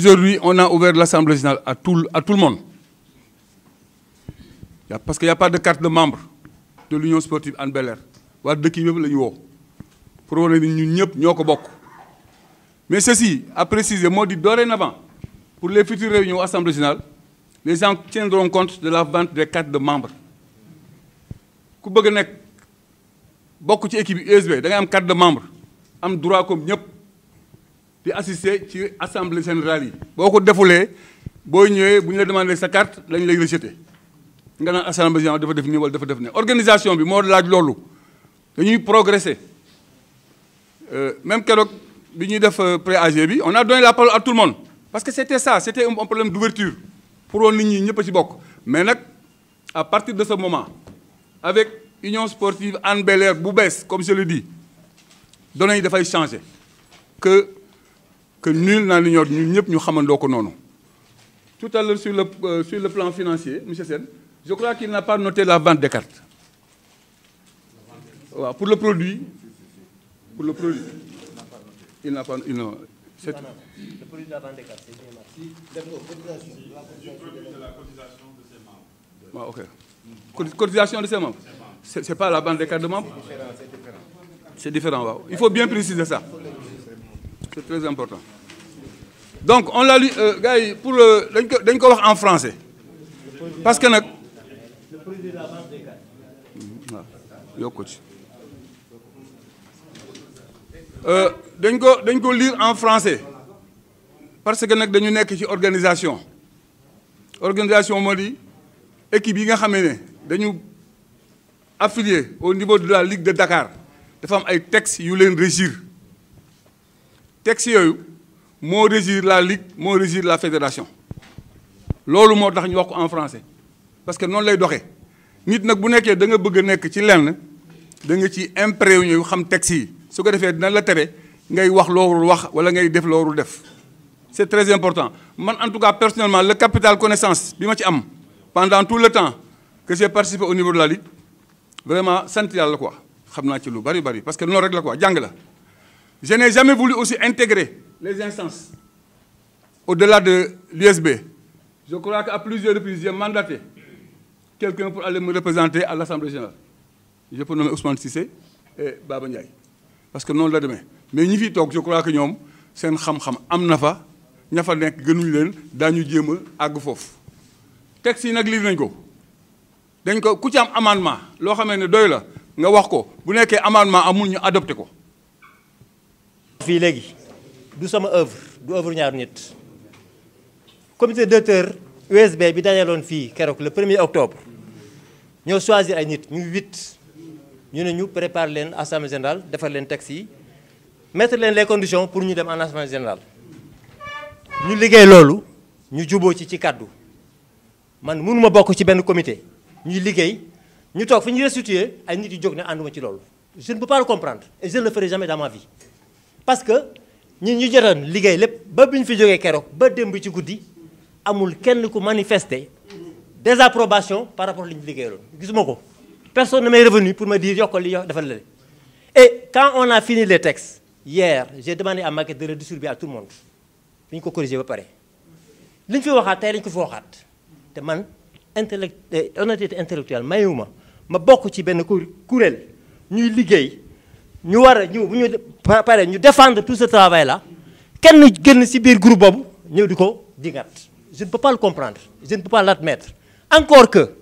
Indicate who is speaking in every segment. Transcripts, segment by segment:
Speaker 1: Aujourd'hui, on a ouvert l'Assemblée nationale à tout, à tout le monde. Parce que n'y a pas de carte de membre de l'Union sportive Anne Belair. Pour Mais ceci, à préciser, di dit dorénavant, pour les futures réunions Assemblée nationale, les gens tiendront compte de la vente des cartes de membres. Si vous voulez beaucoup d'équipes USB, vous avez une carte de membre, am avez droit comme di assister ci assemblée générale yi boo ko defulee boo ñëwee bu ñu la demandé sa carte lañ lay rejeté nga naan assemblée générale dafa def nii wala dafa def ne organisation bi moo laaj loolu dañuy progresser euh, même keroog bi ñuy def euh, pré-AG bi on a donné la parole à tout le monde parce que c' était ça c' était un problème d' pour woon nit ñi ñëpp a ci bokk mais nag à partir de ce moment avec union sportive Hann Bel-Air bu bees comme je le dis données yi dafay changer que nul n'en ignore ñun ñëpp ñu xamandoo ko noonu. tout à l'heure sur le euh, sur le plan financier monsieur Sène je crois qu'il n'a pas noté la vente des cartes waaw pour le produit pour le produit il n'a pas il n'a c'est ah,
Speaker 2: pas la vente des cartes
Speaker 1: de membres. c'est différent il faut bien préciser ça. important donc on l'a lu euh, gars pour euh, dañ ko dañ ko wax en français parce que nag
Speaker 2: waaw
Speaker 1: yokk ko euh, dañ ko dañ ko lire en français parce que nag dañu nekk ci organisation organisation moo di équipe yi nga xamee ne dañu affilié au niveau de la Ligue de Dakar dafa ay textes yu leen régir texte yooyu moo régir la ligue moo régir la fédération loolu moo tax ñu wax ko en français parce que noonu lay doxee nit nag bu nekkee da nga bëgg a nekk ci lenn da nga ci imprégné yu xam texte yi su ko defee dina la tere ngay wax loolu wax wala ngay def loolu def c'est très important man en tout cas personnellement le capitale connaissance bi ma ci am pendant tout le temps que j'ai participé au niveau de la ligue vraiment sant yàlla quoi xam naa ci lu bari bari parce que noonu rek la quoi jàng Je n'ai jamais voulu aussi intégrer les instances au-delà de l'USB. Je crois qu'à plusieurs reprises, j'ai mandaté quelqu'un pour aller me représenter à l'Assemblée générale. Je peux nommer Ousmane Sissé et Baba Ndiaye. Parce que noonu la demee mais ñi fi toog je crois que ñoom seen xam-xam am na fa ña fa nekk gënuñu leen daañu jéem a àgg foofu. texte yi nag lire nañ ko dañ ko ku ci am amendement loo xamee ne doy la nga wax ko bu nekkee amendement amul ñu adopté ko.
Speaker 2: fii léegi du sama œuvre du œuvre ñaar nit comité directeur USB bi dajaloon fii keroog le 1 octobre ñoo choisir ay nit ñu huit ñu ne ñu prépare leen assemblée générale defar leen texte yi mettre leen les conditions pour ñu dem en assemblée générale ñu liggéey loolu ñu juboo ci ci kàddu man mënuma bokk ci benn comité ñuy liggéey ñu toog fi ñu restituer ay nit yu jóg ne ànduma ci loolu je bu peux pas le comprendre et je ne le ferai jamais dans vie parce que ñun ñu jotoon liggéey lépp ba bi ñu fi jógee keroog ba démb ci guddi amul kenn ku manifester désapprobation par rapport li ñu liggéey liggéeyaloon gisuma ko personne ne m'est pour ma dire yokkal li defal la et quand on a fini les textes hier j'ai demande à Maguette de le distribuer à tout monde bi ñu ko corrigé ba pare li ñu fi waxaat tey dañu ko fi waxaat te man intellect euh, honnêteté intellectuelle mayuma ma bokk ci benn kuréel ñuy liggéey ñu war a ñu bu ñu pare ñu défendre tout ce travail là kenn génn ci biir groupe boobu ñëw di ko dingat je ne peux pas le comprendre je ne peux pas l'admettre encore que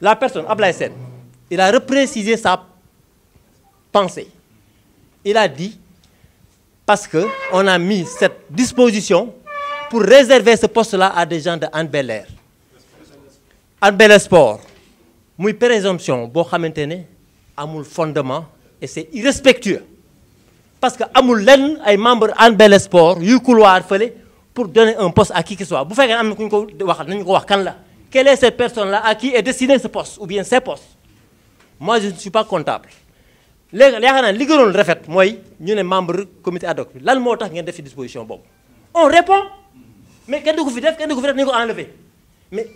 Speaker 2: la personne Ablaye Sène il a reprécisé sa pensée il a dit parce que on a mis cette disposition pour réserver ce poste là à des gens de Hann Bel-Air Hann Bel-Air Sport muy présomption boo xamante ne amul fondement et c'est irrespectueux parce que amul lenn ay membre Hann Bel-Espoir yuy couloir fële pour donner un poste à qui que soit bu fekkee am na ku ko wax nañu ko wax kan la quelle est cette personne là à qui est destiné ce poste ou bien ces postes moi je ne suis pas comptable léegi yaakaar naa li gënoon rafet mooy ñu ne membre comité ad hoc bi lan moo tax ngeen def ci disposition boobu on répond mais kenn du ko fi def kenn du ko fi def nañu ko enlever mais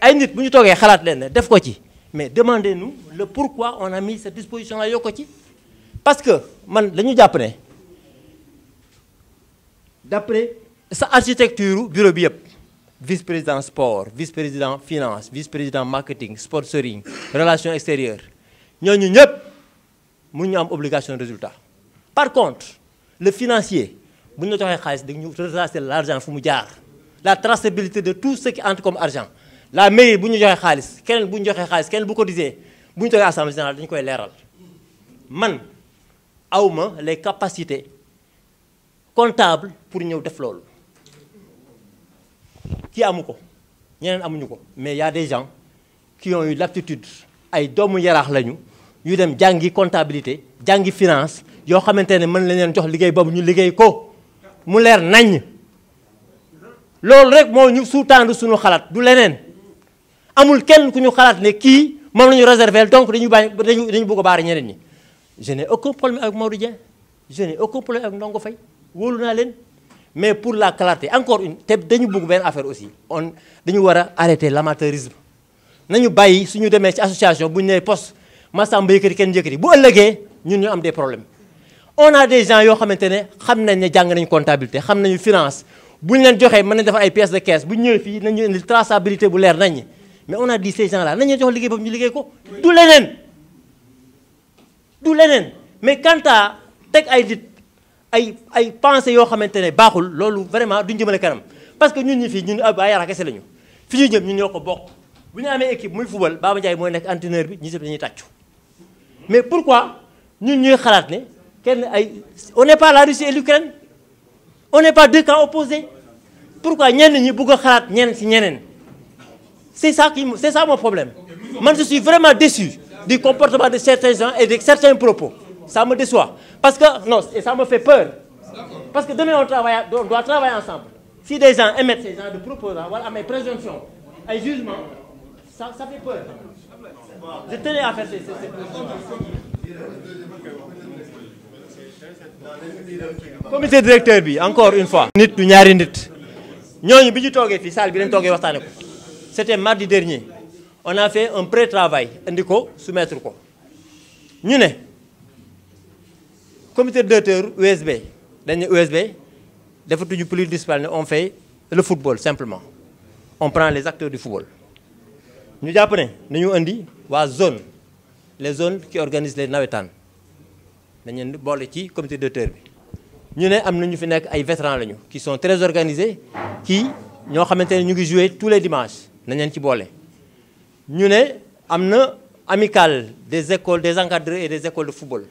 Speaker 2: ay nit bu ñu toogee xalaat leen ne def ko ci mais demandez-nous le pourquoi on a mis cette disposition-là yokko ci parce que man dañu jàpp ne d'après sa architecture bureau bi yëpp vice-président sport vice-président finance vice-président marketing sponsoring relations extérieures ñooñu ñëpp mun ñu am obligation de résultat par contre le financier bu ñu la joxee xaalis dañu retracer l'argent fu mu jaar la traçabilité de tout ce qui entre comme argent la mairie bu ñu joxee xaalis keneen bu ñu joxee xaalis keneen bu cotisé bu ñu toogee assemblée générale dañu koy leeral man awma les capacités comptables pour ñëw def loolu kii amu ko ñeneen amuñu ko mais y a des gens qui ont eu l'aptitude ay doomu yaraax lañu yu dem jàngi comptabilité jàngi finance yoo xamante ne mën lañ leen jox liggéey boobu ñu liggéey ko mu leer naññ loolu rek moo ñu sous-tendre suñu xalaat du leneen amul kenn ku ñu xalaat ne kii moom la ñu réserver donc dañu bàyyi dañu dañu bëgg a baari ñeneen ñi je n'ai aucun problème avec Maodo Dieng je n'ai aucun problème avec Ndongo naa leen mais pour la clarté encore une te dañu bëgg benn affaire aussi on dañu war a arrêter l'amateurisme nañu bàyyi suñu demee ci association bu ñu nee poste Massamba yëkkati kenn yëkkati bu ëllëgee ñun ñu am des problèmes on a des gens yoo xamante ne xam nañ ne jàng nañu comptabilité xam nañu finance bu ñu leen joxee mën nañ defar ay pièces de caisse bu ñu ñëwee fii nañu indi traçabilité bu leer nañ mais on a dit ces gens là nañu jox liggéey boobu ñu liggéey ko du leneen du leneen mais quant teg ay dit ay ay pensées yoo xamante ne baaxul loolu vraiment duñ jëmale kanam parce que ñun ñi fii ñun ay yara kese lañu fi ñu jëm ñun ñoo ko bokk bu ñu amee équipe muy fubal Baba Ndiaye mooy nekk entraîneur bi ñu sëb dañuy tàccu mais pourquoi ñun ñuy xalaat ne kenn ay on n'est pas la Russie et l'Ukraine on n'est pas deux camps opposés pourquoi ñenn ñi bugg a xalaat ñenn ci ñeneen C'est ça, qui, c'est ça mon problème. man je suis vraiment déçu du comportement de certains gens et de certains propos. Ça me déçoit. Parce que, non, et ça me fait peur. Parce que demain, on, travaille, on ensemble. Si des gens émettent ces gens de propos, voilà mes présomptions, et jugements, ça, ça fait peur. Je à faire ces, ces, ces... comité directeur bi encore une fois. nit du ñaari nit ñooñu bi ñu toogee fii salle bi dañ toogee waxtaane ko. c'était mardi dernier on a fait un pré-travail indi ko soumettre ko ñu ne comité directeur USB dañu ne USB defatuñu police municipale ne on fait le football simplement on prend les acteurs du football ñu jàpp ne nañu indi waa zone les zones qui organisent les nawetaan dañu leen boole ci comité directeur bi ñu ne am na ñu fi nekk ay vétérans lañu qui sont très organisés qui ñoo xamante ne ñu ngi jouer tous les dimanches na leen ci boole ñu ne am na amicale des écoles des encadreurs et des écoles de football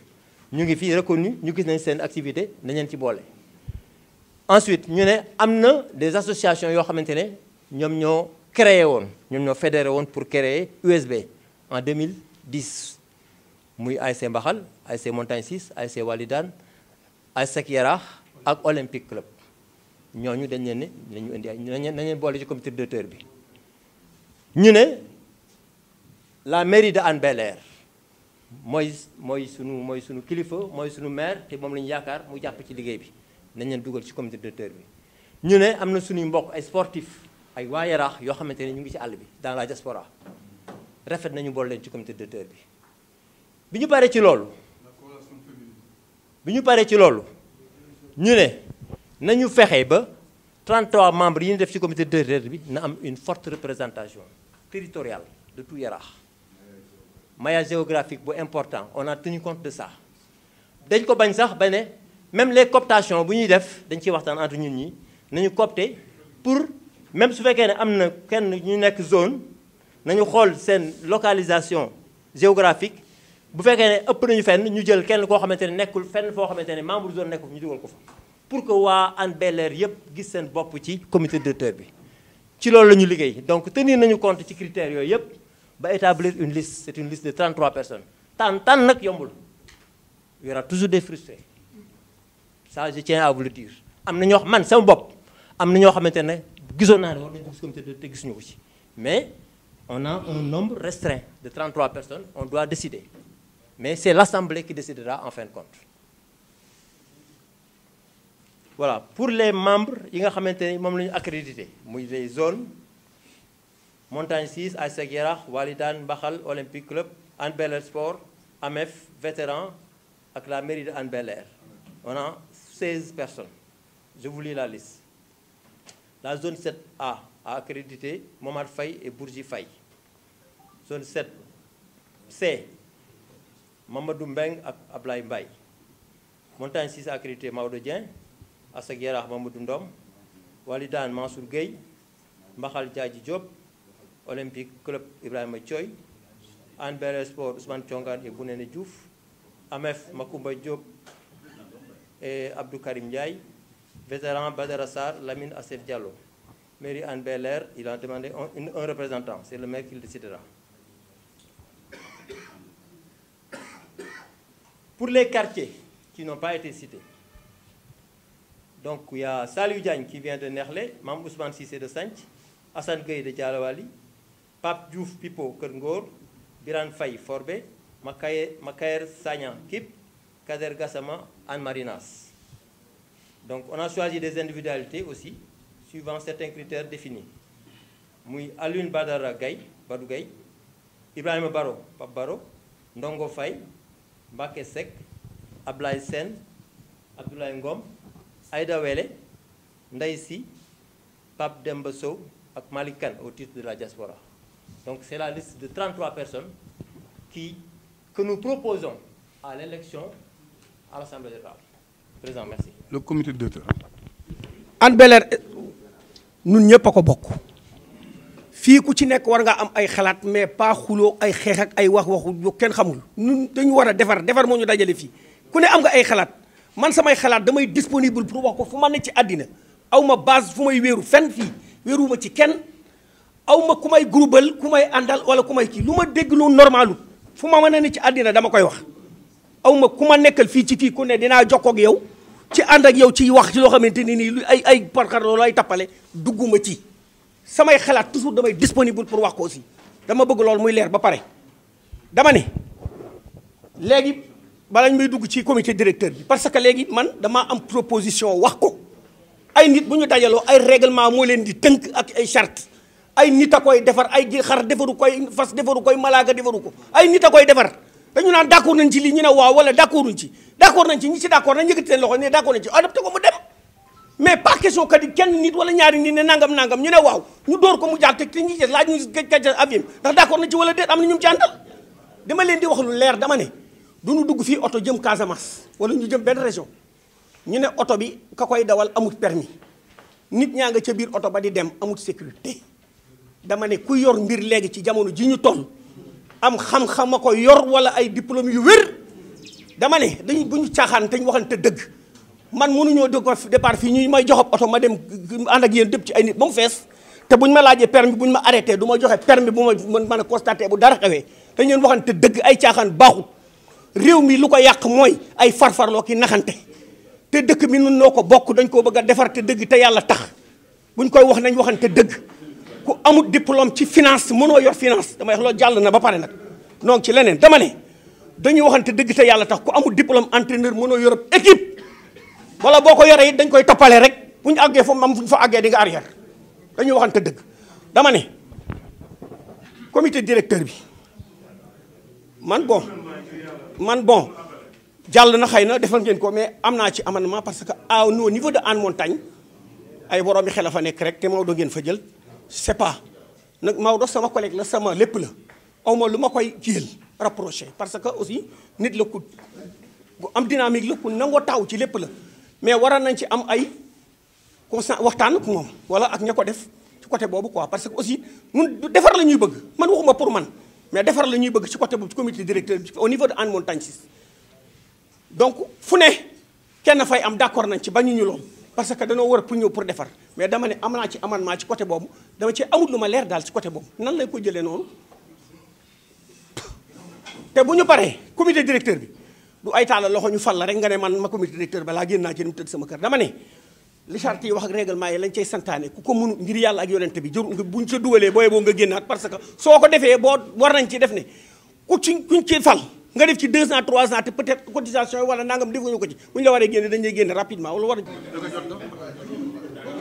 Speaker 2: ñu ngi fii reconnu ñu gis nañ seen activité nañ leen ci boole. ensuite ñu ne am na des associations yoo xamante ne ñoom ñoo créer woon ñoom ñoo fédéré woon pour créer USB en 2010 muy ASC Mbaxal ASC Montagne 6 ASC Walidane ASC Yaraax ak Olympique Club ñooñu dañ leen ne nañu indi ay nañu boole ci comité directeur bi. ñu ne la mairie de Hann mooy mooy sunu mooy sunu kilifa mooy sunu maire te moom la yaakaar mu jàpp ci liggéey bi nañ leen dugal ci comité directeur bi. ñu ne am na suñuy mbokk ay sportif ay waa Yaraax yoo xamante ne ñu ngi ci àll bi dans la diaspora rafet nañu bool leen ci comité directeur bi bi ñu paree ci loolu. bi ñu paree ci loolu ñu ne nañu fexe ba 33 membre yi ñu def ci comité directeur bi na am une forte représentation. territorial de tout Yaraax maillage géographique bu important on a tenu compte de ça dañ ko bañ sax ba ne même les cooptations bu ñuy def dañ ciy waxtaan entre ñun ñi nañu coopter pour même su fekkee ne am na kenn ñu nekk zone nañu xool seen localisation géographique bu fekkee ne ëpp nañu fenn ñu jël kenn koo xamante ne nekkul fenn foo xamante ne membre zone nekkul ñu dugal ko fa pour que waa Hann Bel-Air gis seen bopp ci comité directeur bi ci loolu la ñu liggéey donc tenir nañu compte ci critères yooyu yëpp ba établir une liste c'est une liste de 33 personnes tànn tànn nag yombul il y toujours des frustrés ça je tiens à vous am na ñoo xam man sama bopp am na ñoo xamante ne gisoon naa ne war nañu gis comité de te gisuñu ko ci mais on a un nombre de 33 personnes on doit décider mais c'est l'assemblée qui décidera en fin de compte voilà pour les membres yi nga xamante ni moom la ñu accrédité muy les zone montagne 6 Asak Yarax Walidane Mbaxal Olympique Club Hann bel Sport AMEF vétéran ak la mairie de Hann a 16 personnes je vous la liste la zone 7A a accrédité Momar fay et Bourgi fay zone 7C Mamadou Mbeng ak Ablaye Mbaye montagne 6 a accrédité Maodo Dieng Asak Yaraax Mamadou Ndom Walidaan Mansour Gueye Mbaxal Diadji Diop Olympique Club Ibrahima Thioy Hann bel Sport Ousmane Thiongan et Bounene Diouf Amef Makumba Diop et Abdou Karim Ndiaye vétéran Badara Sarr Lamine Assef Diallo mairie Hann Bel-Air il a un, un représentant c'est le maire qui le pour les quartiers qui n'ont pas été Donc il y a Salou Diagne vient de Nerlé, Mam Ousmane Sissé de Sanch, Hassan Gueye de Dialawali, Pape Diouf Pipo Kerngor, Biran Faye Forbe, Makaer Sagnan Kip, Kader Gassama, Anne Marinas. Donc on a choisi des individualités aussi, suivant certains critères définis. Mouy Alun Badara Gaye, Badou Gaye, Ibrahim Baro, Pape Baro, Ndongo Faye, Mbake Sek, Ablaye Sen, Abdoulaye Ngom, Aïda Wele Ndeye Sy Demba Sow ak Malick Kane au de la diaspora donc c'est la liste de 33 personnes qui que nous proposons à l'élection à l'Assemblée générale président merci.
Speaker 3: ñëpp a ko bokk fii ku ci nekk war nga am ay xalaat mais pas xuloo ay xeex ay wax waxul kenn xamul ñun dañu war a defar defar moo ñu dajale fii ku ne am nga ay xalaat. man samay xalaat damay disponible pour wax ko fu ma ne ci àddina aw ma base fu may wéeru fenn fii wéeruwuma ci kenn aw ma ku may groupal ku may àndal wala ku may kii lu ma dégg lu normalu fu ma mën a ne ci àddina dama koy wax aw ma ku ma nekkal fii ci kii ku ne dinaa jokkoog yow ci ànd ak yow ci wax ci loo xamante ni nii lu ay ay parkar loolu ay tappale dugguma ci samay xalaat toujours damay disponible pour wax ko aussi dama bëgg loolu muy leer ba pare dama ne léegi balañ may dugg ci comité directeur bi parce que léegi man dama am proposition wax ko ay nit bu ñu dajaloo ay règlement moo leen di tënk ak ay charte ay nit a koy defar ay xar defaru koy fas defaru koy malaaga defaru ko ay nit koy defar dañu naan d'accord nañ ci lii ñu ne waaw wala d'accord nañ ci d'accord nañ ci ñi ci d'accord nañ yëkkati seen loxo ne d'accord nañ ci adopté ko mu dem mais pas question kat yi kenn nit wala ñaari nit ne nangam nangam ñu ne waaw ñu door ko mu jaar te te ñi des laaj ñu gaj gaj aviam ndax d'accord nañ ci wala déet am na ñum leer dama ne du ñu dugg fii oto jëm Casamance wala ñu jëm benn région ñu ne oto bi ka koy dawal amut permis nit ñaa nga ca biir oto ba di dem amut sécurité dama ne ku yor mbir léegi ci jamono ji ñu toll am xam-xam a ko yor wala ay diplôme yu wér dama ne bu ñu caaxaan te ñu waxante dëgg man mënuñoo dëgg départ fii ñuy may joxob oto ma dem ànd ak yéen dëpp ci ay nit ba mu fees te buñ ma laajee permis buñ ma arrêté du ma joxe permis bu ma mën a constaté bu dara xewee te ñeen waxante dëgg ay caaxaan baaxut réew mii lu ko yàq mooy ay farfarloo ki naxante te dëkk bi nun noo ko bokk dañ koo bëgg a defar te dëgg te yàlla tax buñ koy wax nañ waxante dëgg ku amul diplôme ci finance mënoo yor finance damay wax loolu jàll na ba pare nag donc ci leneen dama ne dañuy waxante dëgg te yàlla tax ku amul diplôme entraîneur mënoo yor équipe wala boo ko yoree it dañ koy tappale rek bu ñu àggee foofu am fu ñu fa àggee di nga arrière dañuy waxante dëgg dama ne comité directeur bi man bon man bon jàll na xëy na defal ngeen ko mais am naa ci amendement parce que à au niveau de Hann Montagne ay borom yi xel a fa nekk rek te Maodo ngeen fa jël c'est pas nag Maodo sama collègue la sama lépp la aw ma lu ma koy jiyal rapproché parce que aussi nit la ku am dynamique la ku nangoo taw ci lépp la mais waroon nañ ci am ay constat waxtaan ak moom wala ak ña ko def ci côté boobu quoi parce que aussi ñun defar la ñuy bëgg man waxuma pour man. mais defar la ñuy bëgg ci côté boobu ci comité directeur bi au niveau de Hann Montagne 6 donc fu ne kenn fay am d'accord nañ ci bañu ñu lool parce que danoo war a pour ñëw pour defar mais dama ne am naa ci amendement ci côté boobu dama ci amul lu ma leer daal ci côté boobu nan lay ko jëlee noonu te bu ñu paree comité directeur bi du ay taala loxo ñu fal la rek nga ne man ma comité directeur balaa génn naa ci mu tëdd sama kër dama ne li charte yi wax ak règlement yi lañ cay santaane ku ko mënu ngir yàlla ak yonent bi jëru nga buñ ca dugalee booye boo nga génnaat parce que soo ko defee boo war nañ ci def ne ku ci kuñ ci fal nga def ci deux ans trois ans te peut-être cotisation yi wala nangam defuñu ko ci bu ñu la waree génne dañuy génne rapidement wala war a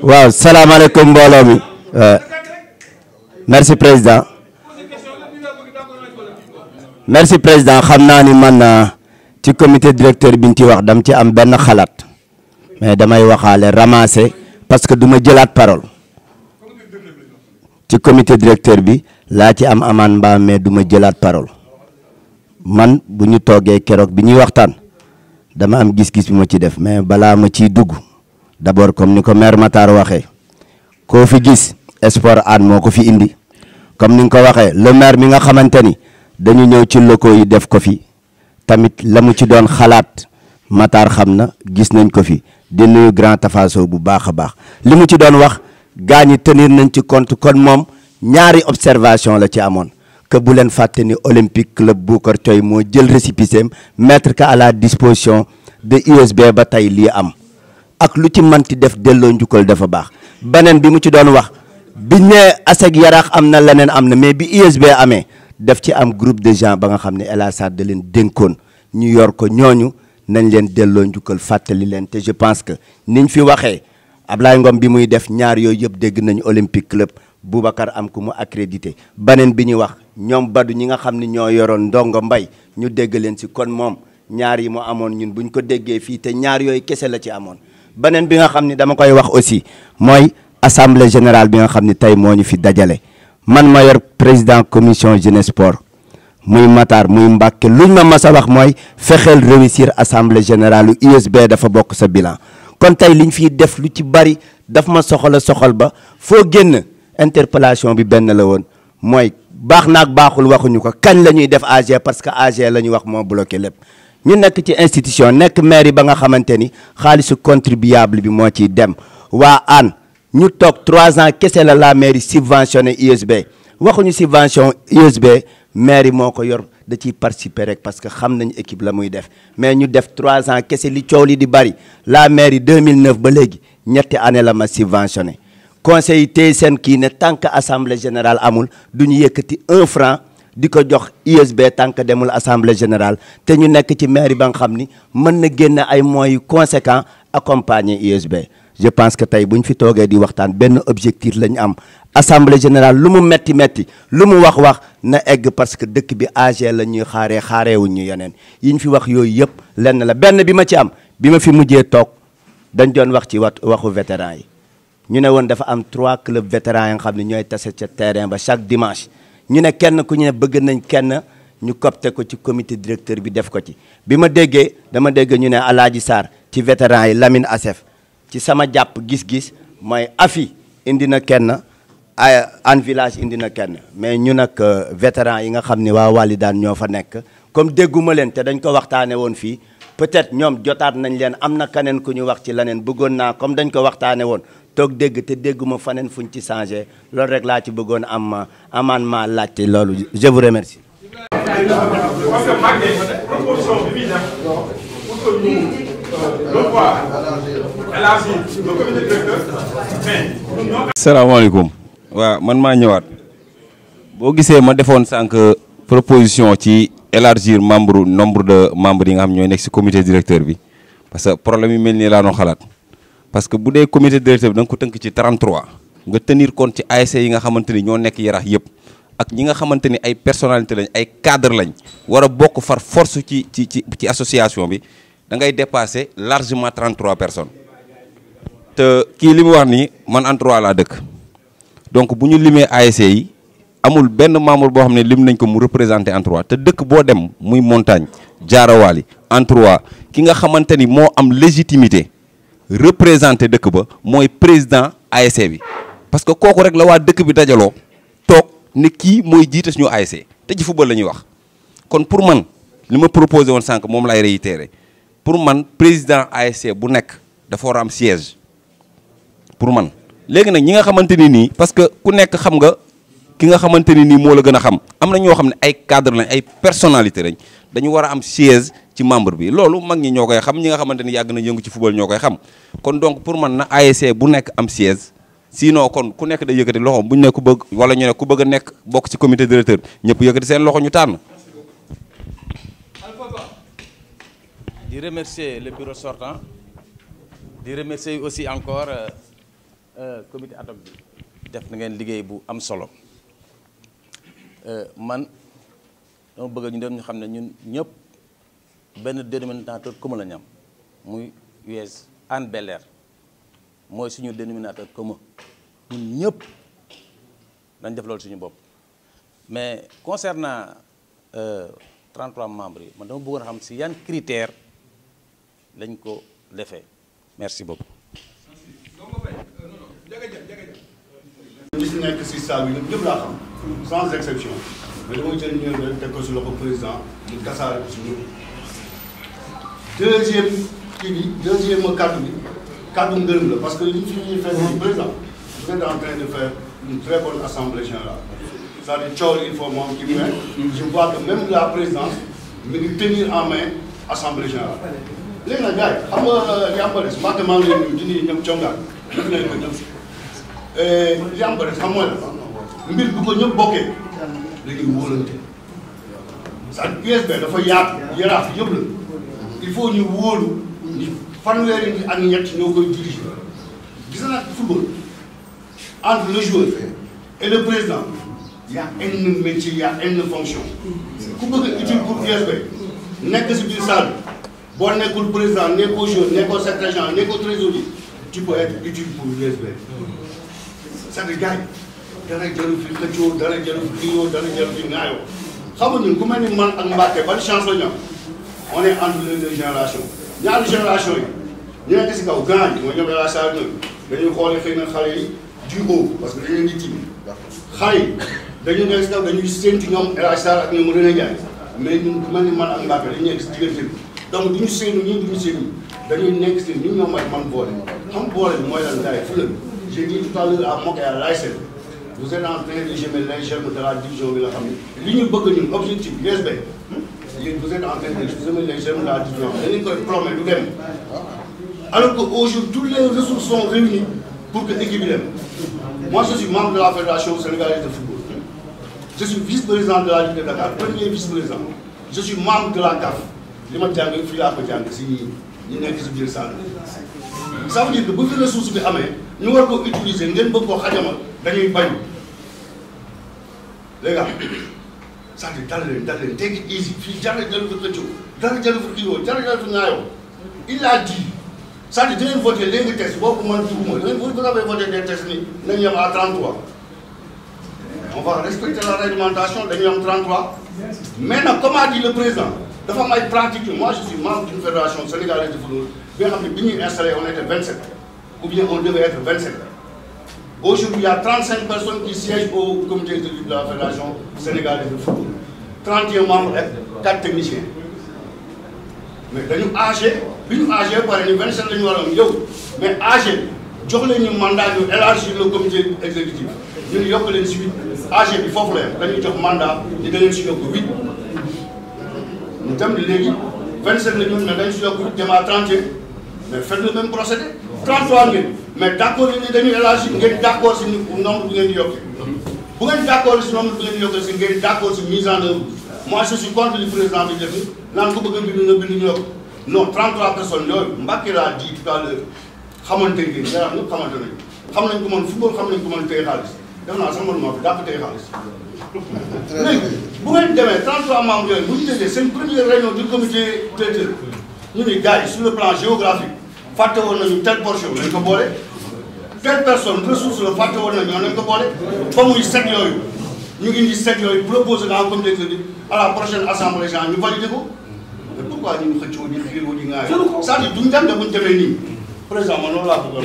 Speaker 4: waaw salaamaaleykum mbooloo mi euh, merci président merci président xam naa ni man euh, ci comité directeur bi ñu ci wax dam ci am benn xalaat mais damay waxaale ramasser parce que duma jëlaat parole ci comité directeur bi laa ci am amaan mbaa mais du ma jëlaat parole man bu ñu toogee keroog bi ñuy waxtaan dama am gis-gis bi ma ci def mais balaa ma ciy dugg d'abord comme ni ko maire mataar waxee koo fi gis espoir aan moo ko fi indi comme ni nga ko waxee le maire mi nga xamante ni dañu ñëw ci locaux yi def ko fi tamit la mu ci doon xalaat Matar xam na gis nañ ko fi di nuyu grand tafaso bu baax a baax li mu ci doon wax gaa ñi tenir nañ ci compte kon moom ñaari observation la ci amoon que bu leen fàtte ni olympique club Boucar Thioye moo jël récépissé mettre que à la disposition de USB ba tey lii am ak lu ci manti def delloo njukkal dafa baax beneen bi mu ci doon wax biñ ne aseg yaraax am na leneen am na mais bi USB amee def ci am groupe de gens ba nga xam ne El Hadj Sarr da leen dénkoon ñu yor ko ñooñu nañ leen delloo njukkal fàttali leen te je pense que niñ fi waxee Ablaye Ngom bi muy def ñaar yooyu yëpp dégg nañu Olympique Club Boubacar am ku mu accrédité beneen bi ñuy wax ñoom badu ñi nga xam ni ñoo yoroon ndongo mbay ñu dégg leen si kon moom ñaar yi mu amoon ñun buñ ko déggee fii te ñaar yooyu kese la ci amoon beneen bi nga xam ni dama koy wax aussi mooy assemblée général bi nga xam ne tey moo ñu fi dajale man ma yor président commission jeunesse sport muy Matar muy Mbàkke luñ ma mas wax mooy fexeel réussir assemblée général USB dafa bokk sa bilan kon tey liñ fiy def lu ci bari dafa ma soxal a soxal ba foo génn interpellation bi benn la woon mooy baax naag baaxul waxuñu ko kañ la ñuy def AG parce que AG la ñuy wax moo bloqué lépp ñu nekk ci institution nekk maire yi ba nga xamante ni xaalisu contribuable bi moo ciy dem waa aan ñu toog trois ans kese la la mairie subventionné USB waxuñu subvention USB maire yi moo ko yor da ciy participer rek parce que xam nañu équipe la muy def mais ñu def trois ans kese li coow li di bari la maire yi 2009 ba léegi ñetti année la ma subventionné conseil tey seen kii ne tant que assemblée générale amul du ñu yëkkati un franc di ko jox USB tant demul assemblée général te ñu nekk ci maire yi ba xam ni mën na génn ay moyens yu conséquents accompagner USB. je pense que tey bu ñu fi toogee di waxtaan benn objectif la ñu am assemblée générale lu mu metti metti lu mu wax wax na egg parce que dëkk bi age la ñuy xaaree xaareewuñ ñu yeneen yi ñu fi wax yooyu yëpp lenn la benn bi ma ci am bi ma fi mujjee toog dañ doon wax ci wat waxu vétéran yi ñu ne woon dafa am trois clubs vétérans yi nga xam ne ñooy tase ca terrain ba chaque dimanche ñu ne kenn ku ñu ne bëgg nañ kenn ñu copte ko ci comité directeur bi def ko ci bi ma déggee dama dégg ñu ne Alaaji Sarr ci vétéran yi Lamine Assef ci sama jàpp gis-gis mooy afi indi na kenn ay envillage indi na kenn mais ñu nag euh, vétéran yi nga xam ni waa Wally daan ñoo fa nekk comme dégguma leen te dañ ko waxtaane woon fii peut-être ñoom jotaat nañ leen am na keneen ku ñu wax ci leneen bëggoon naa comme dañ ko waxtaane woon toog dégg te dégguma faneen fuñ ci changé loolu rek laa ci bëggoon am amendement laajte loolu je vous remercie
Speaker 5: euh, salaamaaleykum
Speaker 6: waaw man maa ñëwaat boo gisee ma defoon sànq proposition ci élargir membre nombre de membres yi nga xam ñooy nekk si comité directeur bi parce que problème yi mel nii laa noo xalaat parce que bu dee comité directeur bi da nga ko tënk ci 33 nga tenir compte ci ASC yi nga xamante ni ñoo nekk yarax yëpp ak ñi nga xamante ni ay personnalité lañ ay cadre lañ war a bokk far force ci ci ci ci association bi da ngay dépasser largement 33 personnes te kii li wax nii man en trois laa dëkk donc bu ñu limee ASC yi amul benn membre boo xam ne lim nañ ko mu représenté en trois te dëkk boo dem muy montagne jaarawaali en trois ki nga xamante ni moo am légitimité représenter dëkk ba mooy président ASC bi parce que kooku rek la waa dëkk bi dajaloo toog ne kii mooy jiite suñu ASC te ji football la ñuy wax kon pour man li ma proposé woon sànq moom lay réitéré pour man président ASC bu nekk dafoo war a am siège pour man léegi nag ñi nga xamante ni nii parce que ku nekk xam nga ki nga xamante ni nii moo la gën a xam am na ñoo xam ne ay cadre lañ ay personnalité lañ dañu war a am siège ci membre bi loolu mag ñi ñoo koy xam ñi nga xamante ni yàgg na yëngu ci football ñoo koy xam kon donc pour man na ASC bu nekk am siège sinon kon ku nekk day yëkkati loxo bu ñu ne ku bëgg wala ñu ne ku bëgg a nekk bokk ci comité directeur ñëpp yëkkati seen loxo ñu tànn. di remercier le bureau sortant di remercier aussi encore. Euh, Euh, comité ad hoc bi def na ngeen liggéey bu am solo euh, man dama bëgg ñu dem ñu xam ne ñun ñëpp benn dénominateur commun la ñu am muy US Hann bel mooy suñu dénominateur comme ñun ñëpp dañ def loolu suñu bopp mais concernant 33 euh, membres yi man dama bëggoon xam si yan critère lañ ko defee merci beaucoup
Speaker 7: ñi si nekk si salle bi ñoom ñëpp laa xam sans exception mais damay jël ñëw rek teg ko si loxo président mu tasaare ko si ñëpp deuxième kii bi deuxième kàddu bi kàddu ngërëm la parce que li ñu fi ñuy fekk si président vous êtes en train de faire une très bonne assemblée générale c'est-à-dire coow il faut moom ci mais je vois que même la présidence mi ngi tenir en main assemblée générale léegi nag gars yi xam nga li am ba des partement leen ñu dini ñoom congaan def nañ ko ñoom li am ko rek xam mooy la mbir bu ko ñëpp bokkee dañuy wóolante c'est-à-dire USB dafa yaatu yaraaf yëpp la il faut ñu wóolu ni fanweeri nit ak ñett ñoo koy dirige gis naa football entre le joueur et le président y a un métier y a une fonction ku bëgg a utile pour USB nekk si biir salle boo nekkul président nekkoo joueur nekkoo secrétaire nekkoo trésorier tu peux être utile pour USB c'est-à-dire gars yi dara jëlu fi xëccoo dara jëlu fi xiyoo dara jëlu fi ŋaayoo xamuñu ku mel ni man ak Mbacke ban chance la ñu am on est entre les deux générations ñaari génération yi nekk si kaw gàncax gi mooy ñoom El Hadj Sall ñoom dañuy xoole xëy na xale yi jiw parce que dañu leen di xale yi dañu nekk si kaw dañuy séntu ñoom El Hadj Sall ak ñoom René Ndiaye mais ñun ku mel ni man ak Mbacke dañu nekk dañuy nekk si ñun ñoom mooy man boole xam boole bi mooy lan gars yi fula j'ai dit tout à l'heure en train de germer les la division bi nga xam ne li ñu bëgg ñun objectif USHB yéen vous êtes en train de semer les germes de la division dañu koy plombé du dem alors que aujourd'hui toutes les ressources sont réunies pour que équipe bi dem moi je suis membre de la fédération sénégalaise de football je suis vice-président de la Ligue de Dakar premier vice-président je la CAF li ma jàng fii laa ko jàng si ñi nekk si biir sànq ça veut dire fi ressource bi amee ñu war ko utiliser ngeen bëgg koo xajamal dañuy bañ léegi am c'est-à-dire dal leen dal leen take it easy fii jara jëlu fa xëccoo jara jëlu fa xiiroo jara jëlu fa ŋaayoo il a dit c'est-à-dire da ngeen voté léegi test boobu man juguma da ngeen bu ko defee voté des tests ni nañ yem à 33 on va respecter la réglementation dañuy am 33 mais nag comme a dit le président dafa am ay pratiques moi je suis membre d'une fédération sénégalaise de football bi nga xam ne bi ñuy ou bien on devait être 27. Aujourd'hui, il y a 35 personnes qui siègent au comité exécutif de la Fédération sénégalaise de football. 31 membres et 4 techniciens. mais dañu âgé bi ñu âgé ba pare ñu 27 la ñu war a am yow mais âgé jox leen ñu mandat ñu élargir le comité exécutif ñun yokk leen si 8 âgé bi foofu la yem dañuy jox mandat ñu da leen si yokk 8. ñu dem léegi 27 la ñu ne dañu si yokk 8 dem à 31 mais faites le même procédé. 33 000 mais d' accord ni ngeen d' si nombre bu ngeen di yokkee bu ngeen si nombre bu ngeen di yokkee si ngeen d' si mise en œuvre moi je suis contre bi def naan ko bëgg a bind na bind ñu yokk non 33 personnes yooyu Mbacké laa di tout à l' heure ngeen yaram ñëpp xamante nañu xam nañ ko mën football xam nañ ko mën tey xaalis def naa sax man maa fi dàpp tey xaalis léegi bu ngeen demee fàtte woon nañu telle portion nañ ko boole telle personne ressource la fàtte woon nañu nañ ko boole ba muy set ñu ngi indi set yooyu proposé nga en comité de à la prochaine ñu validé ko mais pourquoi di ngaay cest à nii
Speaker 1: président man loolu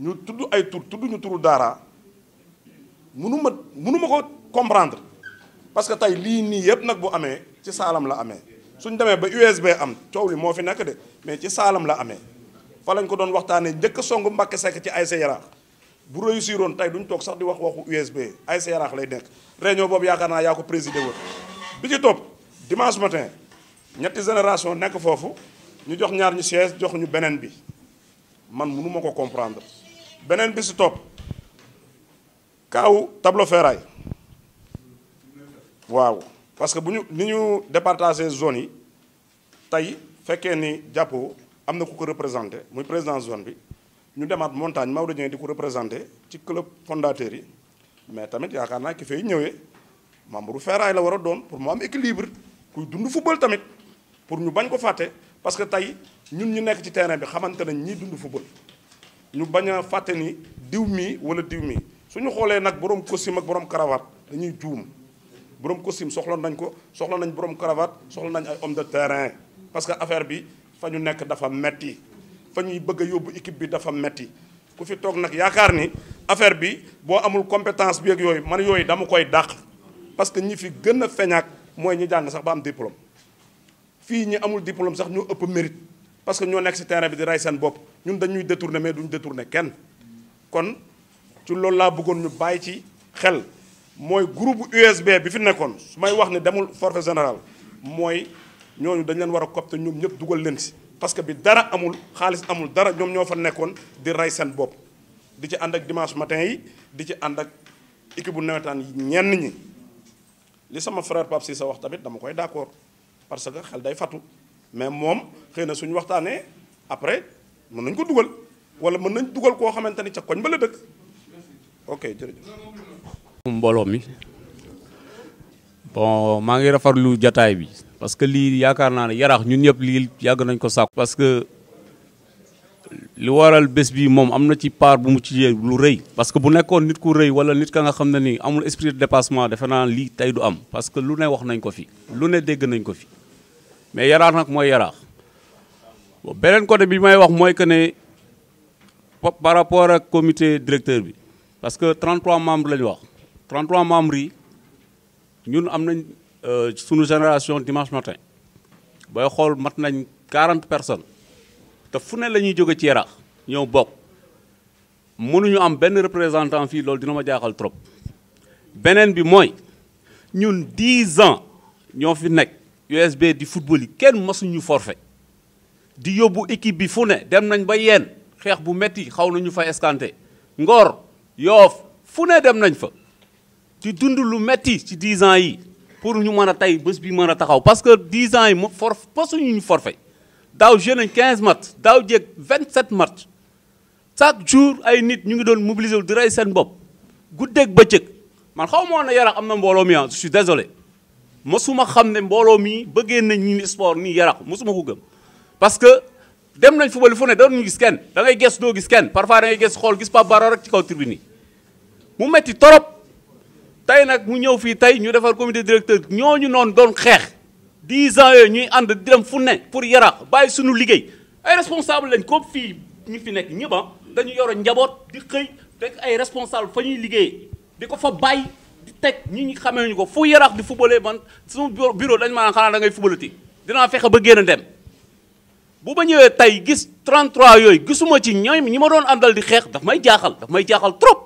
Speaker 8: ñu tudd ay tur tudd ñu turu daara mënu ma ko comprendre parce que tey lii nii yëpp nag bu amee ci saalam la amee suñ demee ba USB am coow li moo fi nekk de mais ci saalam la amee fa lañ ko doon waxtaanee njëkk songu mbakk Sekk ci ASC Yaraax bu réussiroon tey duñ toog sax di wax waxu USB ASC Yaraax lay nekk réunion boobu yaakaar naa yaa ko présidé woon bi ci topp dimanche matin ñetti génération nekk foofu ñu jox ñaar ñu siège jox ñu beneen bi man mënu ko comprendre beneen bi si topp kaaw tableau ferraille waaw parce que bu ñu ni ñu départagé zone yi tey fekkee ni jàppoo am na ku ko représenté muy président zone bi ñu demaat montagne Maodo Dieng di ko représenté ci club fondateur yi mais tamit yaakaar naa ki fay ñëwee membre feeraay la war a doon pour mu am équilibre kuy dund football tamit pour ñu bañ ko fàtte parce que tey ñun ñu nekk ci terrain bi xamante nañ ñi dund football ñu bañ a fàtte ni diw mii wala diw mii ñu xoolee nag borom costume ak borom cravate dañuy juum borom costume soxla nañ ko soxla nañ borom cravate soxla nañ ay homme de terrain parce que affaire bi fa ñu nekk dafa metti fa ñuy bëgg a yóbbu équipe bi dafa metti ku fi toog nag yaakaar ni affaire bi boo amul compétence bi ak yooyu man yooyu dama koy dàq parce que ñi fi gën a feñaak mooy ñi jàng sax ba am diplôme fii ñi amul diplôme sax ñoo ëpp mérite parce que ñoo nekk ci terrain bi di rey seen bopp ñun dañuy détourner mais duñ détourner kenn kon ci loolu laa bëggoon ñu bàyyi ci xel mooy groupe USB bi fi nekkoon su may wax ne demul forfait général mooy ñooñu dañ leen war a copte ñoom ñëpp dugal leen si parce que bi dara amul xaalis amul dara ñoom ñoo fa nekkoon di rey seen bopp di ci ànd ak dimanche matin yi di ci ànd ak équipe bu nawetaan yi ñenn ñi li sama frère Pape sa wax tamit dama koy d'accord parce que xel day fatu mais moom xëy na suñu waxtaanee après mën nañ ko dugal wala mën nañ dugal koo xamante ni ca koñ ba la dëkk ok
Speaker 9: mbooloo mi bon maa ngi rafetlu jataay bi parce que lii yaakaar naa ne yaraax ñun ñëpp lii yàgg nañ ko sàkku parce que li waral bés bi moom am na ci part bu mu ci lu rëy parce que bu nekkoon nit ku rëy wala nit ka nga xam na ni amul esprit de dépassement defe naa lii tey du am parce que lu ne wax nañ ko fi lu ne dégg nañ ko fi mais yaraax nag mooy yaraax beneen côté bi may wax mooy que ne par rapport ak comité directeur bi parce que 33 membres la wax 33 membres yi ñun am nañ euh, suñu génération dimanche matin booy xool mat nañ quarante personnes te fu ne lañuy jóge ci Yaraax ñëw bokk mënuñu am benn représentant fii loolu dina ma jaaxal trop beneen bi mooy ñun 10 ans ñoo fi nekk USB di football yi kenn masuñu forfait di yóbbu équipe bi fu ne dem nañ ba yeen xeex bu metti xaw nañu fay escanté Ngor Yoof fu ne dem nañ fa di dund lu metti ci 10 ans yi pour ñu mën a tey bés bi mën a taxaw parce que 10 ans yi mu for pasuñu ñu forfait daaw jeune nañ 15 match daaw jéeg 27 match chaque jour ay nit ñu ngi doon mobiliser wu di rey seen bopp guddeeg bëccëg man xaw ma woon ne yarax am na mbooloo mi ah je suis ma suma xam ne mbooloo mi bëggee nañ ni sport nii yarax mosuma ko gëm parce que dem nañ football fu ne doon ñu gis kenn da ngay gis doo gis kenn parfois da ngay xool gis Pape Bara rek ci kaw tribune tey nag mu ñëw fii tey ñu defar comité directeur ñu noon doon xeex dix ans yooyu ñuy ànd di dem fu ne pour yarax bàyyi suñu liggéey ay responsable lañ comme fii ñu fi nekk ñëpp ah, dañu yoro njaboot di xëy fekk ay responsable fa ñuy liggéey di ko fa bàyyi di teg ñi ñu xamee ñu ko fu yarax di footballé man suñu bureau dañ maanaam xanaa da ngay footballati dinaa fexe ba génn dem bu ma ñëwee tey gis 33 yooyu gisuma ci ñooy ñi ma doon àndal di xeex daf may jaaxal daf may jaaxal trop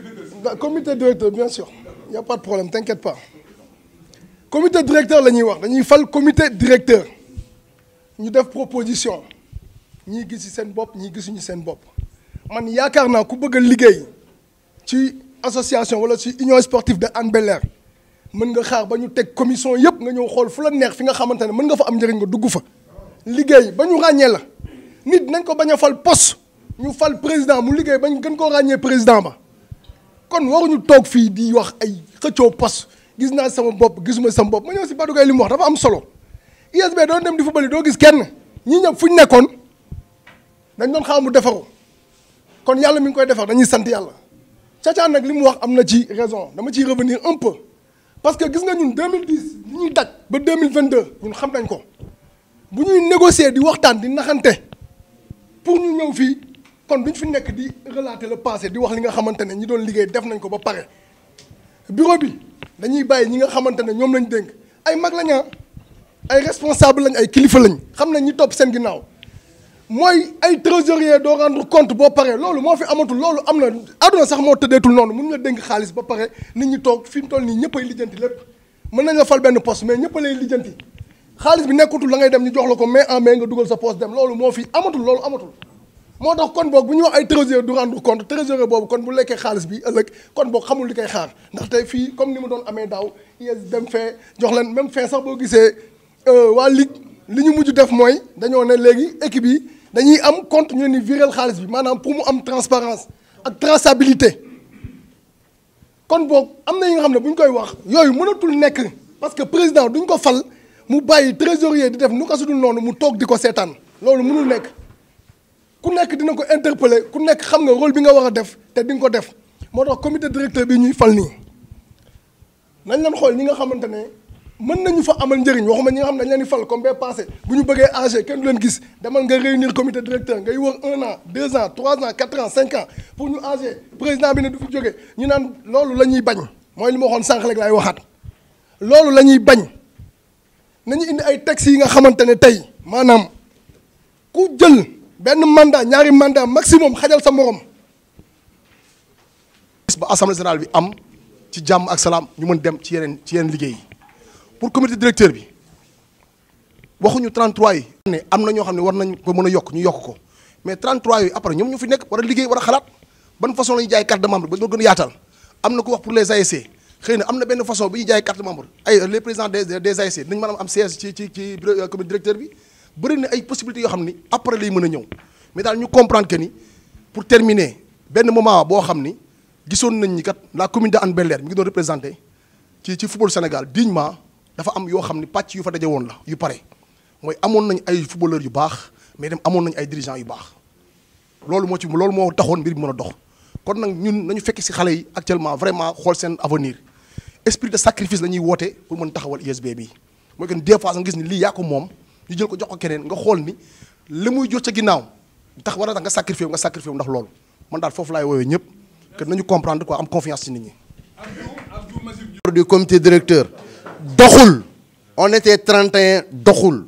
Speaker 10: comité directeur bien sûr y a pas problème t'inquiète pas commité directeur la ñuy wax dañuy fal comité directeur ñu def proposition ñii gis ci seen bopp ñii gisuñu seen bopp man yaakaar naa ku bëgg liggéey ci association wala ci union sportive de Hann Bel-Air mën nga xaar ba ñu teg commission yëpp nga ñëw xool fu la neex fi nga xamante ne mën nga fa am njëriñ nga dugg fa liggéey ba ñu ràññee la nit nañ ko bañ a fal poste ñu fal président mu liggéey bañ gën koo ràññee président ba kon waruñu toog fii di wax ay xëccoo pos gis naa sama bopp gisuma sama bopp ma ñëw si Badou Gueye li mu wax dafa am solo ISB doon dem di football doo gis kenn ñi ñëpp fu ñu nekkoon dañ doon xaar mu defaru kon yàlla mu ngi koy defar dañuy sant yàlla cacaan nag li mu wax am na ci raison dama ciy revenir un peu parce que gis nga ñun 2010 li ñuy daj ba 2022 ñun xam nañ ko bu ñuy négocier di waxtaan di naxante pour ñu ñëw fii kon duñ fi nekk di relater le passé di wax li nga xamante ne ñi doon liggéey def nañ ko ba pare bureau bi dañuy bàyyi ñi nga xamante ne ñoom lañ dénk ay mag lañ ah, ay responsable lañ ay kilifa lañ xam na ñi topp seen ginnaaw mooy ay trésorier doo rendre compte boo paree loolu moo fi amatul loolu am na àdduna sax moo tëddeetul noonu mun nga dénk xaalis ba pare nit ñi toog fi mu toll nii ñëpp ay lijjanti mën nañ fal benn poste mais ñëpp lay lijjanti xaalis bi nekkatul la ngay dem ñu jox la ko mais en mais nga dugal sa poste dem loolu moo fi amatul loolu amatul. moo tax kon boog bu ñu wax ay trésorier du rendre compte trésorier boobu kon bu lekkee xaalis bi ëllëg kon boog xamul li koy xaar ndax tey fii comme ni mu doon amee daaw yes dem fee jox leen même fee sax boo gisee euh, waa ligue li ñu mujj def mooy dañoo ne léegi équipe yi dañuy am compte ñu ni xaalis bi maanaam pour mu am transparence ak traçabilité kon boog am na yi nga xam ne bu ñu koy wax yooyu mënatul nekk parce que président duñ ko fal mu bàyyi trésorier di def nu ko noonu mu toog di ko seetaan loolu mënul nekk ku nekk dina ko interpeller ku nekk xam nga role bi nga war a def te di nga ko def moo tax comité directeur bi ñuy fal nii nañ leen xool ñi nga xamante ne mën nañu fa amal njëriñ waxuma ñi nga xam ne dañ leen di fal comme bee passé bu ñu bëggee AG kenn du leen gis demal nga réunir comité directeur ngay wër un an deux ans trois ans quatre ans cinq ans pour ñu AG président bi ne du fi jóge ñu naan loolu la ñuy bañ mooy li ma waxoon sànq rek laay waxaat loolu la ñuy bañ nañu indi ay textes yi nga xamante ne tey maanaam ku jël. benn mandat ñaari mandat maximum xajal sa morom. ba assemblée générale bi am ci jàmm ak salaam ñu mën dem ci yeneen ci yeneen liggéey yi pour comité directeur bi waxuñu 33 yi. am na ñoo xam ne war nañ ko mën a yokk ñu yokk ko mais 33 yooyu après ñoom ñu fi nekk war a liggéey war a xalaat ban façon la jaay carte de membre ba ñu gën a yaatal am na ko wax pour les ASC. xëy na am na benn façon bi ñuy jaay carte membre ay les présidents des des ASC dinañ ci ci ci euh, comité bëri na ay possibilités yoo xam ni après lay mën a ñëw mais daal ñu comprendre que ni pour terminer benn moment boo xam ni gisoon nañ ñi kat la commune de Hann bel mi ngi doon représenté ci ci football Sénégal dignement dafa am yoo xam ni pàcc yu fa daje woon la yu pare mooy amoon nañ ay footballeurs yu baax mais dem amoon nañ ay dirigeants yu baax loolu moo ci loolu moo taxoon mbir bi mën a dox kon nag ñun nañu fekk si xale yi actuellement vraiment xool seen avenir esprit de sacrifice la ñuy woote pour mën taxawal ISB bi mooy que des fois nga lii yaa moom ñu jël ko jox ko keneen nga xool ni li muy jur ca ginnaaw tax war a tax nga sacrifié nga
Speaker 11: sacrifié ndax loolu man daal foofu laay woowee ñëpp que nañu comprendre ko am confiance ci nit ñi. du comité directeur doxul on était 31 doxul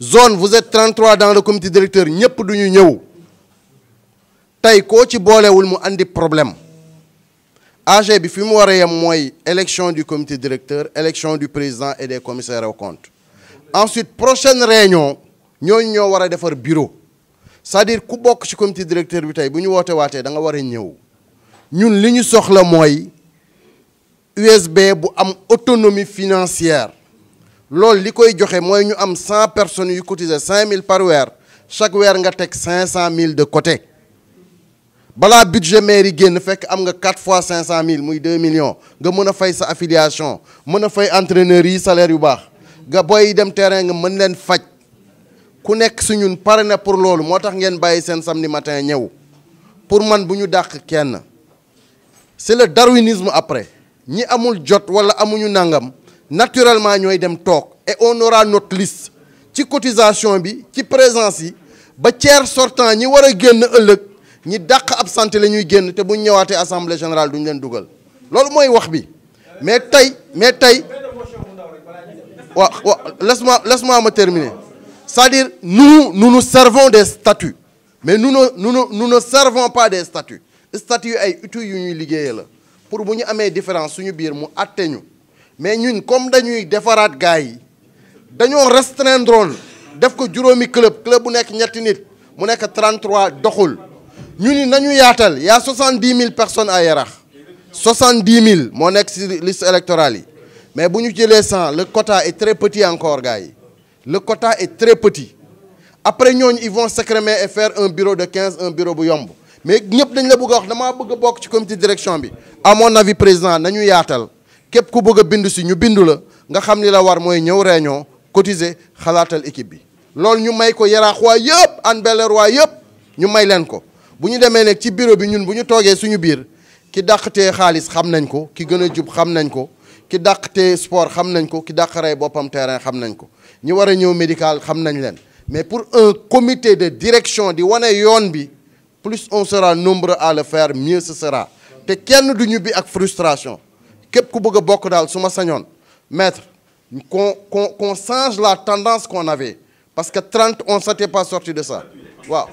Speaker 11: zone vous êtes 33 dans le comité directeur ñëpp du ñu ñëw tey koo ci boolewul mu indi problème AG bi fi mu war a yem mooy élection du comité directeur élection du président et des commissaires aux comptes ensuite prochaine réunion ñooñu ñoo war a defar bureau c'est-à-dire ku bokk ci comité directeur bi tey bu ñu woote waatee danga nga war a ñëw ñun li ñu soxla mooy USB bu am autonomie financière loolu li koy joxe mooy ñu am cent personnes yu cotiser cinq mille par weer chaque weer nga teg cinq cent mille de côté balaa budget maire yi génn fekk am nga quatre fois cinq cent mille muy deux millions nga mën fay sa affiliation mën a fay entraîneurs yi salaire yu baax nga booy dem terrain nga mën leen faj ku nekk su ñun pare na pour loolu moo tax ngeen bàyyi seen samedi matin ñëw pour man bu ñu dàq kenn c'est le darwinisme après ñi amul jot wala amuñu nangam naturellement ñooy dem toog et on aura notre ci cotisation bi ci présence yi ba tiers sortant ñi war a génn ëllëg ñi dàq absenté la ñuy génn te bu ñu ñëwaatee assemblée générale duñ leen dugal loolu mooy wax bi mais tey mais tey wa wa laisse-moi laisse-moi me terminer c'est-à-dire nous nous nous servons des statuts mais nunu ne nous ne nous ne servons pas des statuts statuts ay outils yu ñuy liggéeyee la pour bu ñu amee différence suñu biir mu atte ñu mais ñun comme dañuy defaraat gars yi dañoo restreindre def ko juróomi club club bu nekk ñetti nit mu nekk 33 doxul ñu ni nañu yaatal y a 70 mille personnes à Yarax 70 mille moo nekk ci liste électorale yi. mais bu ñu jëlee cent le quota est très petit encore gars yi le quota est très petit après ñooñu ils vont s'écrémer et faire un bureau de quinze un bureau bu yomb mais ñëpp dañ la bëgg wax damaa bëgg a bokk ci comité direction bi amoon mon avis président nañu yaatal képp ku bëgg a bind si ñu bindu la nga xam ni la war mooy ñëw réunion cotiser xalaatal équipe bi loolu ñu may ko yaraax waa yëpp Hann bel waa yëpp ñu may leen ko bu ñu demee nag ci bureau bi ñun bu ñu toogee suñu biir ki dàqtee xaalis xam nañ ko ki gën a jub xam nañ ko ki dàq te sport xam nañ ko ki dàq rey boppam terrain xam nañ ko ñi war a ñëw médical xam nañ leen mais pour un comité de direction di wane yoon bi plus on sera nombreux à le faire mieux ce sera te kenn du ñubbi ak frustration képp ku bëgg a bokk daal su ma sañoon maître qu'on qu'on qu'on change la tendance qu'on avait parce que 30 on s'était pas sorti de sa waaw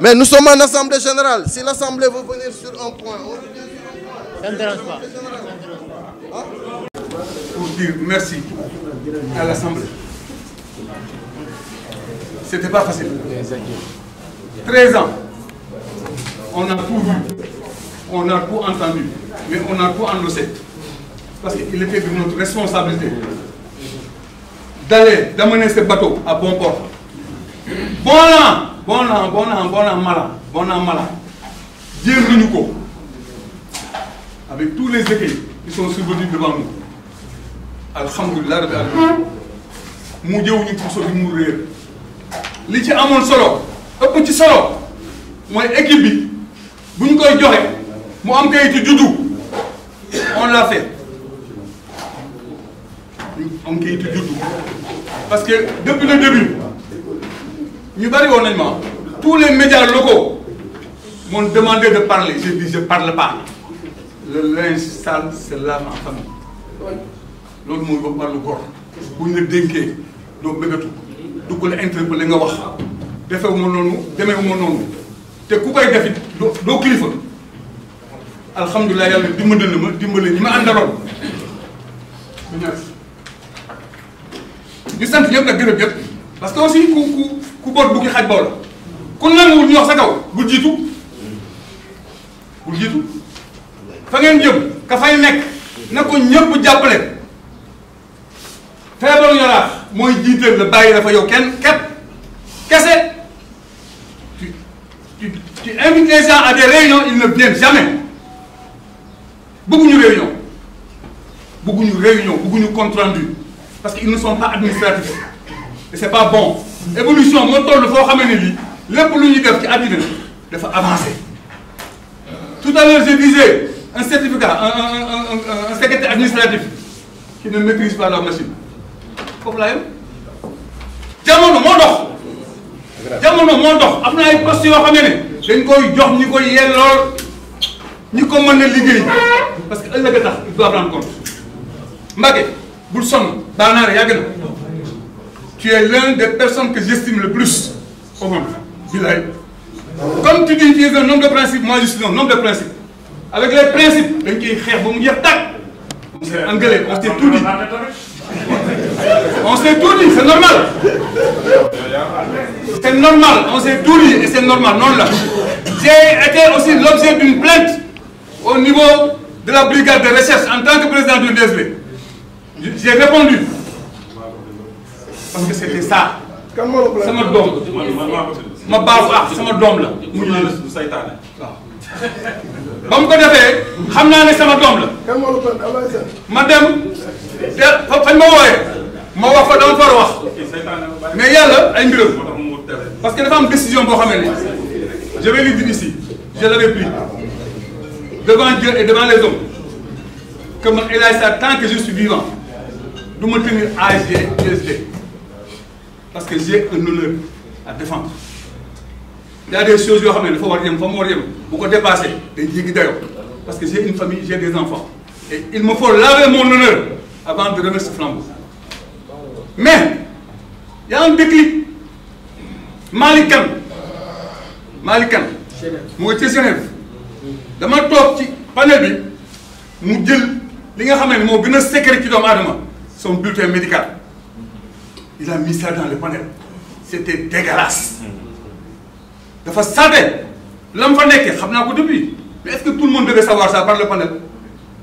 Speaker 11: mais nu sommes en assemblée générale si l'assemblée veut venir sur un point on... ça ne dérange pas pour
Speaker 1: dire merci à l'Assemblée. C'était pas facile. 13 ans. On a tout vu, on a tout entendu, mais on a tout endossé. Parce qu'il était de notre responsabilité d'aller, d'amener ce bateau à bon port. Bon an, bon an, bon an, bon an, mal bon an, mal Dieu nous avec tous les équipes. ils sont survenus devant nous alhamdulilah rabbi alamin mu jëwuñu pour bi mu réer li ci amoon solo ëpp ci solo mooy équipe bi bu ñu koy joxe moom am kayitu juddu on l'a fait ñu kayitu juddu parce que depuis le début ñu bari woon nañ ma tous les médias locaux m'ont demandé de parler j'ai dit je parle pas le linge sale se lave en famille loolu mooy dénkee doo bëggatu du la interpellé nga wax defewu noonu demewu noonu te ku koy defit doo doo kilifa yàlla dimbali na ma dimbali ñi ma àndaloon ñu sant ñëpp nag gërëm ñëpp parce que aussi ku ku ku boot bu xaj boo la ku nanguwul ñu wax sa jiitu bul jiitu fa ngeen jëm ka fay nekk na ko ñëpp jàppale feebaru Yoff mooy jiital la bàyyi dafa yow kenn képp kese tu tu tu à des réunions ils ne viennent jamais bëgguñu réunion bëgguñu réunion bëgguñu compte rendu parce que ils ne sont pas administratifs et c'est pas bon évolution moo toll foo xamee ne lii lépp lu ñuy def ci àddina dafa avancé tout à l'heure je disais un certificat un un un un secrétaire administratif qui ne maîtrise pas la machine foofu laa yem. moo dox. jamono moo dox am na ay postes yoo xam ne dañ koy jox ñi koy yellool ñi ko mën na liggéey parce que ëllëg a tax il doit rendre compte Mbacké bul sonn daanaare yàgg tu es l'un des personnes que j'estime le plus au monde bilaay comme tu dis tu es un de principe moi je suis un homme de principe. avec les principes dañ koy xeex ba mu jeex tàkk. monsieur Angale on s'est tout dit on s'est tout dit c'est normal. c'est normal on s'est tout dit et c'est normal noonu la. j'ai aussi l'objet d'une plainte au niveau de la brigade de recherche en tant que président du DSB. j'ai répondu parce que c'était ça. sama doom ma baax ah, sama doom la. mu ngi
Speaker 10: ba mu ko defee xam naa ne
Speaker 1: sama doom la. ma dem de fañ ma wooyee ma wax fa dama far wax mais yàlla ay mbiram parce que dafa am décision boo xam ne je vais lui dire ici je l'avais pris devant Dieu et devant les hommes que man El Hadj Sarr tant que je suis vivant du ma tenir AG USD que j'ai un à défendre. y a des choses yoo xam ne dafa war a yem fa mu war a ko dépassé day jéggi dayoo parce que j'ai une famille j'ai des enfants et il me faut laver mon honneur avant de remettre ce flambeau mais y a un déclic Malick Kane Malick Kane mu ngi ci toog ci panel bi mu jël li nga xam ne moo gën a secret ci doomu aadama son bulletin médical il a mis ça dans le panel c'était dégueulasse dafa salté la mu fa nekkee xam naa ko depuis mais est-ce que tout le monde devait savoir ça par le panel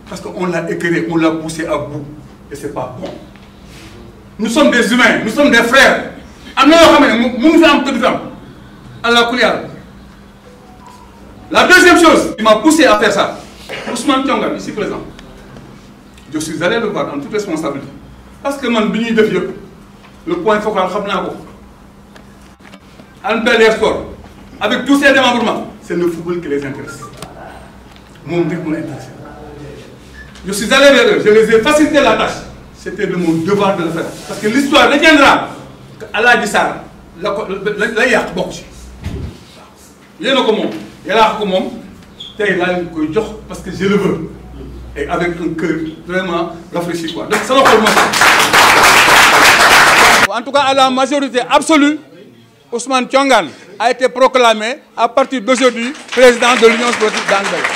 Speaker 1: parce que on l'a écœuré on l'a poussé à bout et c'est pas bon nous sommes des humains nous sommes des frères am na yoo xam ne mënu fi am tëdd fi am allah kulli la deuxième chose qui m'a poussé à faire ça Ousmane Thiongane ici présent je suis allé le voir en toute responsabilité parce que man bi ñuy def yëpp le point focal xam naa ko Hann Bel-Air Sport avec tous ses démembrements c'est le football qui les intéresse moom de mu la intéressé je suis allé vers je les ai facilité la tâche c'était de mon devoir de le faire parce que l'histoire retiendra que Alaaji Sarr la ko la la yàq bokk ci waaw yéen a ko moom yàllaa ko moom tey laa leen koy jox parce que je le veux et avec un cœur vraiment rafraîchi quoi donc sama xol ma en tout cas à la majorité absolue Ousmane Thiongan a été proclamé à partir d'aujourd'hui président de l'Union sportive d'Angola.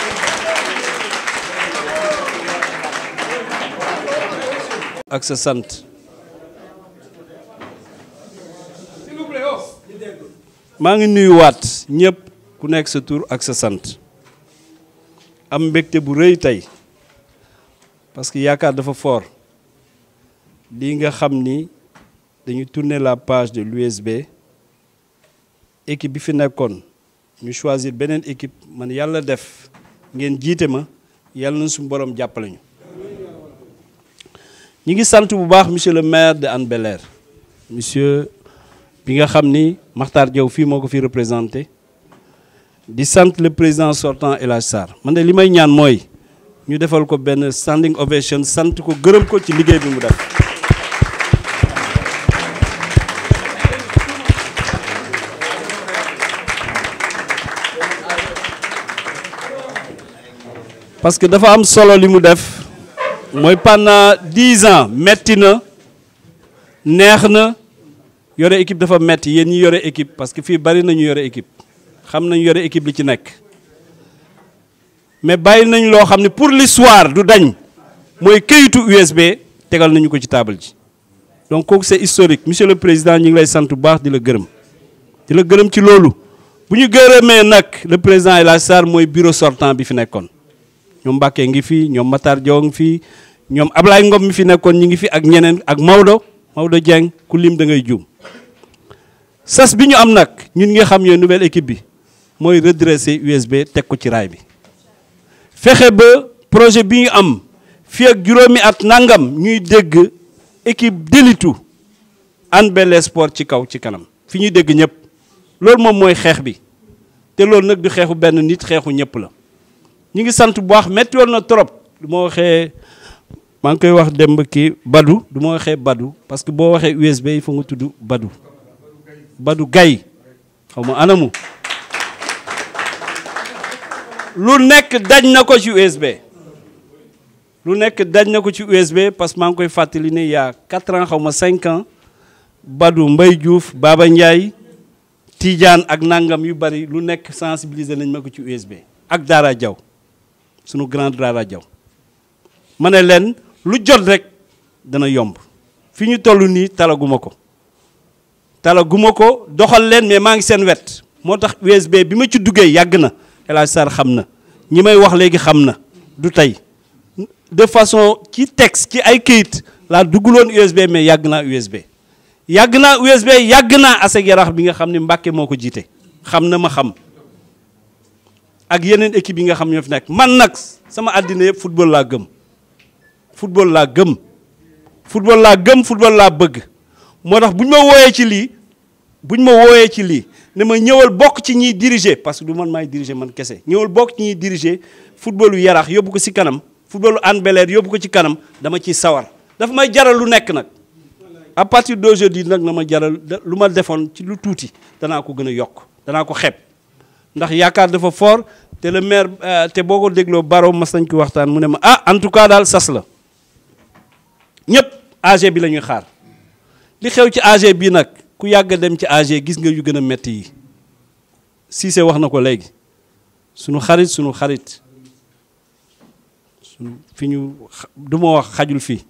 Speaker 5: ak sa sant. Oh. maa ngi nuyuwaat ñëpp ku nekk sa tur ak sa sant am mbégte bu rëy tey parce que yaakaar dafa fort lii nga xam ni dañu tourner la page de l'USB équipe bi fi nekkoon ñu choisir beneen équipe man yàlla def ngeen jiite ma yàlla na suñu borom jàppale ñu. ñu ngi sant bu baax monsieur le maire de Hann bel monsieur bi nga xam ni Makhtar Diaw fii moo ko fi représenté di sant le président sortant El Hadj Sarr man de li may ñaan mooy ñu defal ko benn standing ovation sant ko gërëm ko ci liggéey bi mu def. parce que dafa am solo li mu def mooy pendant dix ans metti na neex na yore équipe dafa metti yéen ñi yore équipe parce que fii bari nañu yore équipe xam nañu yore équipe li ci nekk mais bàyyi nañu loo xam ne pour l'histoire du dañ mooy këyitu USB tegal nañu ko ci table ji donc kooku c'est historique monsieur le président ñu ngi lay sant bu baax di la gërëm di la gërëm ci loolu bu ñu gërëmee nag le président El Hadj Sarr mooy bureau sortant bi fi nekkoon ñoom Mbacke ngi fi ñoom Matar Diaw ngi fi ñoom Ablaye Ngom mi fi nekkoon ñi ngi fi ak ñeneen ak Maodo Maodo Dieng ku lim da ngay juum sas bi ñu am nag ñun nga xam yooyu nouvelle équipe bi mooy redresser USB teg ko ci raay bi fexe ba projet bi ñu am fii ak juróomi at nangam ñuy dégg équipe delitu Hann Bel-Espoir ci kaw ci kanam fi ñuy dégg ñëpp loolu moom mooy xeex bi te loolu nag du xeexu benn nit xeexu ñëpp la ñu ngi sant bu baax métti woon na trop du ma waxee maa ngi koy wax demb kii badu du ma waxee Badou parce que boo waxee USB yi faut nga tudd badu badu gay xawma anamu lu nekk daj na ko ci USB lu nekk daj na ko ci USB parce que maa ngi koy fàttali ne y a quatre ans xaw ma cinq ans Badou Mbaye juuf Baba Ndiaye Tidiane ak nangam yu bari lu nekk sensibiliser nañ ma ko ci USB ak Daara Jaw sunu grand Daara Jaw ma ne leen lu jot rek dana yomb fi ñu toll nii talaguma ko talaguma ko doxal leen mais maa ngi seen wet moo tax USB bi ma ci duggee yàgg na El Hadj xam na ñi may wax léegi xam na du tey de façon ci texte ci ay kayit laa dugguloon USB mais yàgg naa USB yàgg naa USB yàgg naa aseg yarax bi nga xam ne Mbàkke moo ko jiite xam na ma xam ak yeneen équipe yi nga xam ñoo fi nekk man nag sama àddina yëpp football laa gëm football laa gëm football laa gëm football laa bëgg moo tax bu ñu ma wooyee ci lii bu ñu ma wooyee ci lii ne ma ñëwal bokk ci ñuy diriger parce que du man maay diriger man kese ñëwal bokk ci ñiy diriger footballu yaraax yóbbu ko si kanam footballu Hann bel yóbbu ko ci kanam dama ci sawar dafa may jaral lu nekk nag à partir d'aujourd'hui nag na ma jaral lu ma defoon ci lu tuuti danaa ko gën a yokk danaa ko xeeb ndax te le maire euh, te boo ko dégloo baro mas nañ waxtaan mu ne ma ah en tout cas daal sas la ñëpp AG bi la ñuy xaar li xew ci AG bii nag ku yàgg dem ci AG gis nga yu gën a metti yi Cissé wax na ko léegi suñu xarit suñu xarit sunu fi ñu du wax xajul fii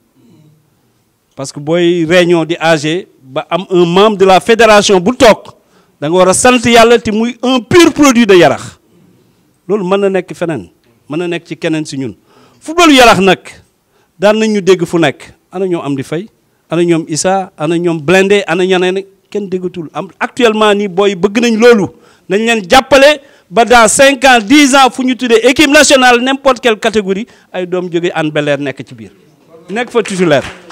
Speaker 5: parce que booy réunion di AG ba am un membre de la fédération bu toog da nga war a sant yàlla te muy un pur produit de Yarax loolu mën na nekk feneen mën na nekk ci keneen si ñun football yarax nag daan nañ ñu dégg fu nekk ana ñoom am di fay ana ñoom Issa ana ñoom Blindé ana ñeneen kenn déggatul am actuellement nii booy bëgg nañ loolu nañ leen jàppale ba dans cinq ans dix ans fu ñu tuddee équipe nationale n'importe quelle catégorie ay doom jóge an beleer nekk ci biir nekk fa titulaire